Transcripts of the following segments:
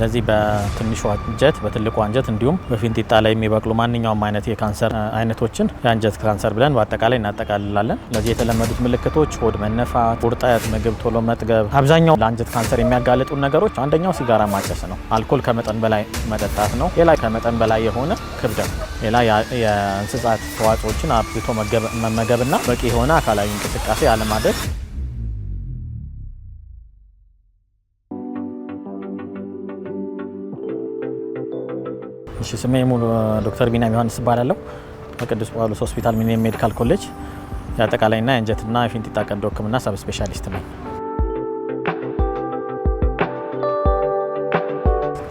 እነዚህ በትንሹ አንጀት፣ በትልቁ አንጀት እንዲሁም በፊንጢጣ ላይ የሚበቅሉ ማንኛውም አይነት የካንሰር አይነቶችን የአንጀት ካንሰር ብለን በአጠቃላይ እናጠቃልላለን። ለዚህ የተለመዱት ምልክቶች ሆድ መነፋት፣ ውርጠት ምግብ ቶሎ መጥገብ። አብዛኛው ለአንጀት ካንሰር የሚያጋልጡ ነገሮች አንደኛው ሲጋራ ማጨስ ነው። አልኮል ከመጠን በላይ መጠጣት ነው። ሌላ ከመጠን በላይ የሆነ ክብደት፣ ሌላ የእንስሳት ተዋጽኦችን አብዝቶ መመገብና በቂ የሆነ አካላዊ እንቅስቃሴ አለማድረግ እሺ ስሜ ሙሉ ዶክተር ቢንያም ዮሐንስ እባላለሁ። በቅዱስ ጳውሎስ ሆስፒታል ሚሊኒየም ሜዲካል ኮሌጅ የአጠቃላይና የአንጀትና የፊንጢጣ ቀዶ ሕክምና ሰብ ስፔሻሊስት ነኝ።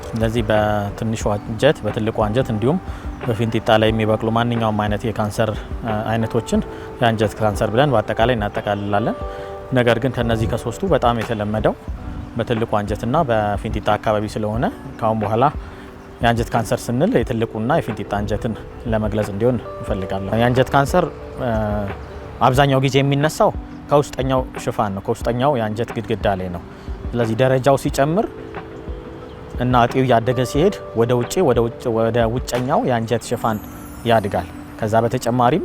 ስለዚህ በትንሹ አንጀት፣ በትልቁ አንጀት እንዲሁም በፊንጢጣ ላይ የሚበቅሉ ማንኛውም አይነት የካንሰር አይነቶችን የአንጀት ካንሰር ብለን በአጠቃላይ እናጠቃልላለን። ነገር ግን ከነዚህ ከሶስቱ በጣም የተለመደው በትልቁ አንጀትና በፊንጢጣ አካባቢ ስለሆነ ካሁን በኋላ የአንጀት ካንሰር ስንል የትልቁና የፊንጢጣ አንጀትን ለመግለጽ እንዲሆን እንፈልጋለሁ። የአንጀት ካንሰር አብዛኛው ጊዜ የሚነሳው ከውስጠኛው ሽፋን ነው፣ ከውስጠኛው የአንጀት ግድግዳ ላይ ነው። ስለዚህ ደረጃው ሲጨምር እና እጢው እያደገ ሲሄድ ወደ ውጭ ወደ ውጨኛው የአንጀት ሽፋን ያድጋል። ከዛ በተጨማሪም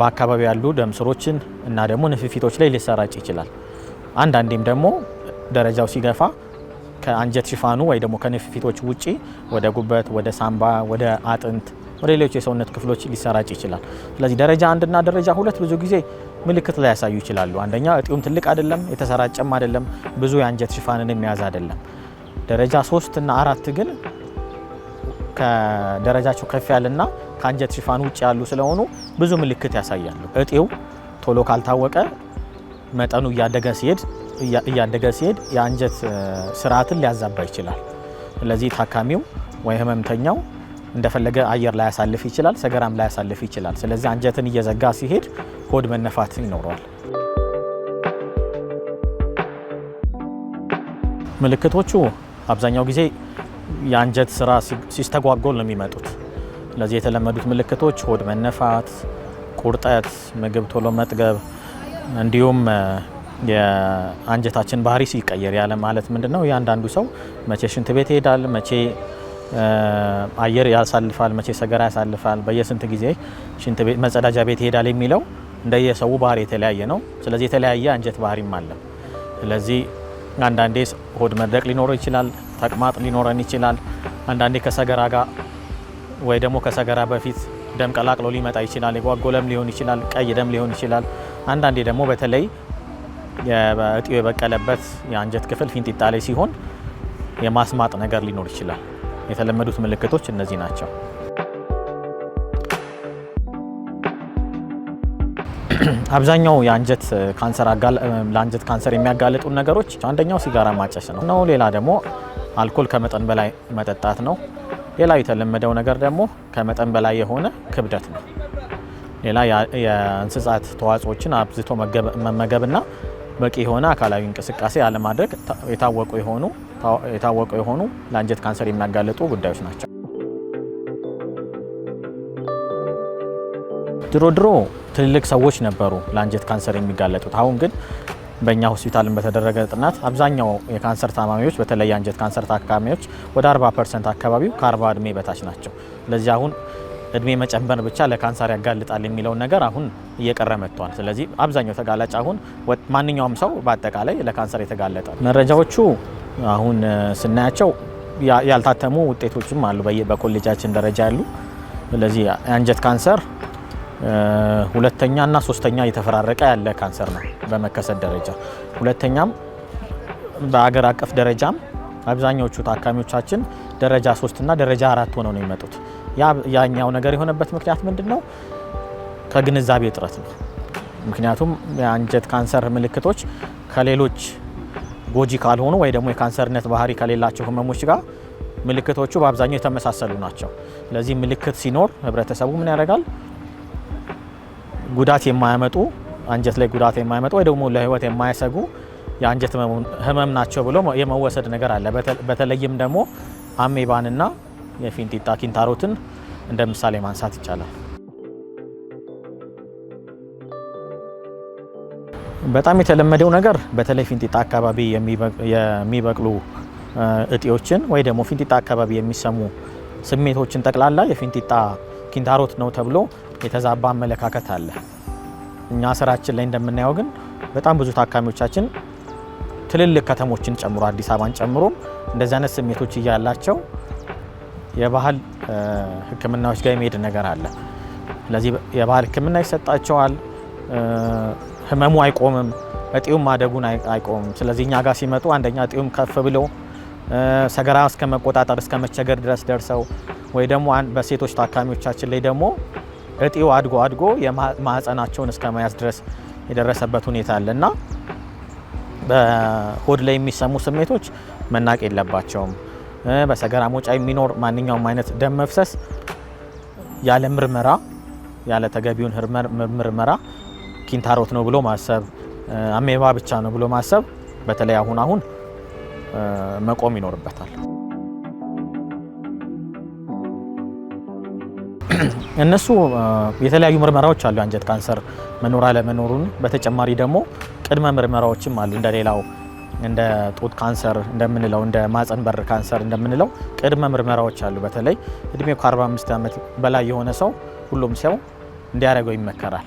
በአካባቢ ያሉ ደም ስሮችን እና ደግሞ ንፍፊቶች ላይ ሊሰራጭ ይችላል። አንዳንዴም ደግሞ ደረጃው ሲገፋ ከአንጀት ሽፋኑ ወይ ደግሞ ከንፍፊቶች ውጪ ወደ ጉበት፣ ወደ ሳምባ፣ ወደ አጥንት፣ ወደ ሌሎች የሰውነት ክፍሎች ሊሰራጭ ይችላል። ስለዚህ ደረጃ አንድና ደረጃ ሁለት ብዙ ጊዜ ምልክት ላይ ያሳዩ ይችላሉ። አንደኛ እጢውም ትልቅ አይደለም፣ የተሰራጨም አይደለም፣ ብዙ የአንጀት ሽፋንን የሚያዝ አይደለም። ደረጃ ሶስት እና አራት ግን ከደረጃቸው ከፍ ያለና ከአንጀት ሽፋን ውጭ ያሉ ስለሆኑ ብዙ ምልክት ያሳያሉ። እጢው ቶሎ ካልታወቀ መጠኑ እያደገ ሲሄድ እያደገ ሲሄድ የአንጀት ስርዓትን ሊያዛባ ይችላል። ስለዚህ ታካሚው ወይ ህመምተኛው እንደፈለገ አየር ላያሳልፍ ይችላል፣ ሰገራም ላያሳልፍ ይችላል። ስለዚህ አንጀትን እየዘጋ ሲሄድ ሆድ መነፋት ይኖረዋል። ምልክቶቹ አብዛኛው ጊዜ የአንጀት ስራ ሲስተጓጎል ነው የሚመጡት። ስለዚህ የተለመዱት ምልክቶች ሆድ መነፋት፣ ቁርጠት፣ ምግብ ቶሎ መጥገብ እንዲሁም የአንጀታችን ባህሪ ሲቀየር ያለ ማለት ምንድን ነው? እያንዳንዱ ሰው መቼ ሽንት ቤት ይሄዳል፣ መቼ አየር ያሳልፋል፣ መቼ ሰገራ ያሳልፋል፣ በየስንት ጊዜ ሽንት ቤት መጸዳጃ ቤት ይሄዳል የሚለው እንደየሰው ባህሪ የተለያየ ነው። ስለዚህ የተለያየ አንጀት ባህሪም አለ። ስለዚህ አንዳንዴ ሆድ መድረቅ ሊኖረው ይችላል፣ ተቅማጥ ሊኖረን ይችላል። አንዳንዴ ከሰገራ ጋር ወይ ደግሞ ከሰገራ በፊት ደም ቀላቅሎ ሊመጣ ይችላል። የጓጎለም ሊሆን ይችላል፣ ቀይ ደም ሊሆን ይችላል። አንዳንዴ ደግሞ በተለይ እጢው የበቀለበት የአንጀት ክፍል ፊንጢጣ ላይ ሲሆን የማስማጥ ነገር ሊኖር ይችላል። የተለመዱት ምልክቶች እነዚህ ናቸው። አብዛኛው የአንጀት ካንሰር ለአንጀት ካንሰር የሚያጋልጡን ነገሮች አንደኛው ሲጋራ ማጨስ ነው ነው ሌላ ደግሞ አልኮል ከመጠን በላይ መጠጣት ነው። ሌላ የተለመደው ነገር ደግሞ ከመጠን በላይ የሆነ ክብደት ነው። ሌላ የእንስሳት ተዋጽኦችን አብዝቶ መመገብና በቂ የሆነ አካላዊ እንቅስቃሴ አለማድረግ የታወቁ የሆኑ የታወቁ የሆኑ ለአንጀት ካንሰር የሚያጋለጡ ጉዳዮች ናቸው። ድሮ ድሮ ትልልቅ ሰዎች ነበሩ ለአንጀት ካንሰር የሚጋለጡት። አሁን ግን በእኛ ሆስፒታልን በተደረገ ጥናት አብዛኛው የካንሰር ታማሚዎች በተለይ የአንጀት ካንሰር ታካሚዎች ወደ 40 ፐርሰንት አካባቢው ከ40 እድሜ በታች ናቸው። ለዚህ አሁን እድሜ መጨመር ብቻ ለካንሰር ያጋልጣል የሚለውን ነገር አሁን እየቀረ መጥቷል። ስለዚህ አብዛኛው ተጋላጭ አሁን ማንኛውም ሰው በአጠቃላይ ለካንሰር የተጋለጠ መረጃዎቹ አሁን ስናያቸው ያልታተሙ ውጤቶችም አሉ በኮሌጃችን ደረጃ ያሉ። ስለዚህ የአንጀት ካንሰር ሁለተኛ እና ሶስተኛ እየተፈራረቀ ያለ ካንሰር ነው በመከሰት ደረጃ። ሁለተኛም በአገር አቀፍ ደረጃም አብዛኛዎቹ ታካሚዎቻችን ደረጃ ሶስት እና ደረጃ አራት ሆነው ነው የሚመጡት። ያኛው ነገር የሆነበት ምክንያት ምንድን ነው? ከግንዛቤ እጥረት ነው። ምክንያቱም የአንጀት ካንሰር ምልክቶች ከሌሎች ጎጂ ካልሆኑ ወይ ደግሞ የካንሰርነት ባህሪ ከሌላቸው ህመሞች ጋር ምልክቶቹ በአብዛኛው የተመሳሰሉ ናቸው። ስለዚህ ምልክት ሲኖር ህብረተሰቡ ምን ያደርጋል? ጉዳት የማያመጡ አንጀት ላይ ጉዳት የማያመጡ ወይ ደግሞ ለህይወት የማያሰጉ የአንጀት ህመም ናቸው ብሎ የመወሰድ ነገር አለ። በተለይም ደግሞ አሜባንና የፊንጢጣ ኪንታሮትን እንደ ምሳሌ ማንሳት ይቻላል። በጣም የተለመደው ነገር በተለይ ፊንጢጣ አካባቢ የሚበቅሉ እጤዎችን ወይ ደግሞ ፊንጢጣ አካባቢ የሚሰሙ ስሜቶችን ጠቅላላ የፊንጢጣ ኪንታሮት ነው ተብሎ የተዛባ አመለካከት አለ። እኛ ስራችን ላይ እንደምናየው ግን በጣም ብዙ ታካሚዎቻችን ትልልቅ ከተሞችን ጨምሮ አዲስ አበባን ጨምሮ እንደዚህ አይነት ስሜቶች እያላቸው የባህል ህክምናዎች ጋር የሚሄድ ነገር አለ። ስለዚህ የባህል ህክምና ይሰጣቸዋል። ህመሙ አይቆምም፣ እጢውም ማደጉን አይቆምም። ስለዚህ እኛ ጋር ሲመጡ አንደኛ እጢውም ከፍ ብሎ ሰገራ እስከ መቆጣጠር እስከ መቸገር ድረስ ደርሰው ወይ ደግሞ በሴቶች ታካሚዎቻችን ላይ ደግሞ እጢው አድጎ አድጎ ማህፀናቸውን እስከ መያዝ ድረስ የደረሰበት ሁኔታ አለ እና በሆድ ላይ የሚሰሙ ስሜቶች መናቅ የለባቸውም። በሰገራ መውጫ የሚኖር ማንኛውም አይነት ደም መፍሰስ ያለ ምርመራ ያለ ተገቢውን ምርመራ ኪንታሮት ነው ብሎ ማሰብ፣ አሜባ ብቻ ነው ብሎ ማሰብ በተለይ አሁን አሁን መቆም ይኖርበታል። እነሱ የተለያዩ ምርመራዎች አሉ፣ አንጀት ካንሰር መኖር አለመኖሩን። በተጨማሪ ደግሞ ቅድመ ምርመራዎችም አሉ እንደሌላው እንደ ጡት ካንሰር እንደምንለው እንደ ማፀን በር ካንሰር እንደምንለው ቅድመ ምርመራዎች አሉ። በተለይ እድሜ ከ45 ዓመት በላይ የሆነ ሰው ሁሉም ሰው እንዲያደርገው ይመከራል።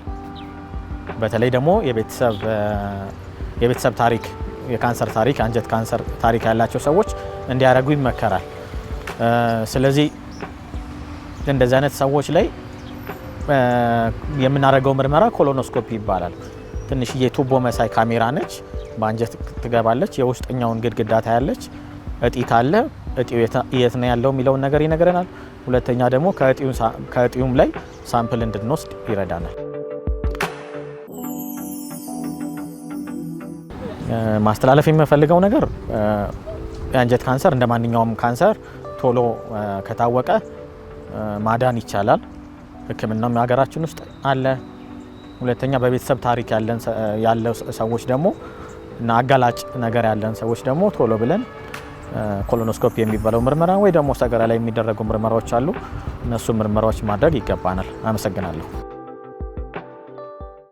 በተለይ ደግሞ የቤተሰብ ታሪክ የካንሰር ታሪክ አንጀት ካንሰር ታሪክ ያላቸው ሰዎች እንዲያደርጉ ይመከራል። ስለዚህ እንደዚህ አይነት ሰዎች ላይ የምናደርገው ምርመራ ኮሎኖስኮፒ ይባላል። ትንሽዬ ቱቦ መሳይ ካሜራ ነች። በአንጀት ትገባለች። የውስጠኛውን ግድግዳ ታያለች። እጢ ካለ እጢው የት ነው ያለው የሚለውን ነገር ይነግረናል። ሁለተኛ ደግሞ ከእጢውም ላይ ሳምፕል እንድንወስድ ይረዳናል። ማስተላለፍ የምፈልገው ነገር የአንጀት ካንሰር እንደ ማንኛውም ካንሰር ቶሎ ከታወቀ ማዳን ይቻላል። ሕክምናም የሀገራችን ውስጥ አለ። ሁለተኛ በቤተሰብ ታሪክ ያለ ሰዎች ደግሞ እና አጋላጭ ነገር ያለን ሰዎች ደግሞ ቶሎ ብለን ኮሎኖስኮፒ የሚባለው ምርመራ ወይ ደግሞ ሰገራ ላይ የሚደረጉ ምርመራዎች አሉ። እነሱ ምርመራዎች ማድረግ ይገባናል። አመሰግናለሁ።